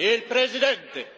Il Presidente.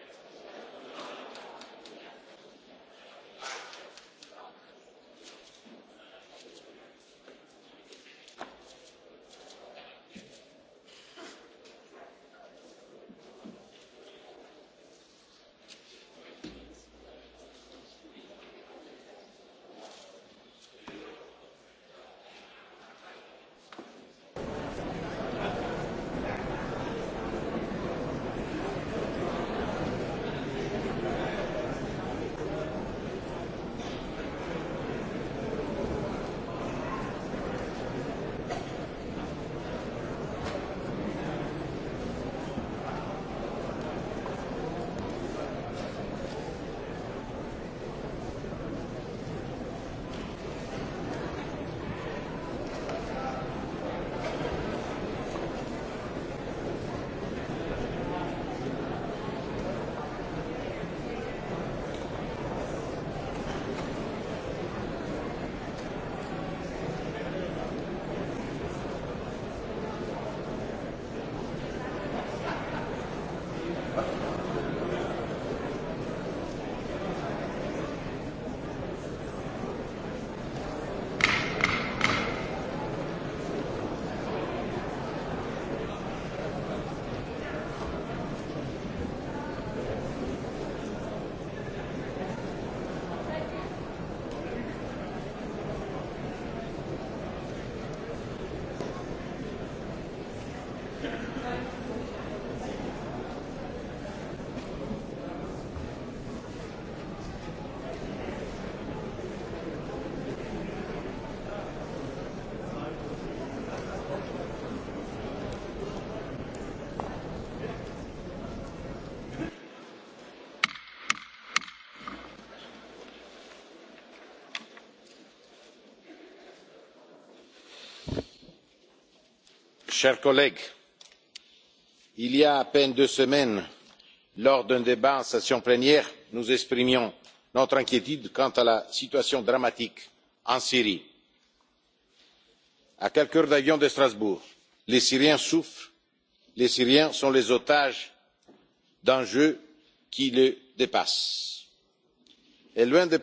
chers collègues il y a à peine deux semaines lors d'un débat en session plénière nous exprimions notre inquiétude quant à la situation dramatique en syrie. à quelques heures d'avion de strasbourg les syriens souffrent les syriens sont les otages d'enjeux qui les dépassent. loin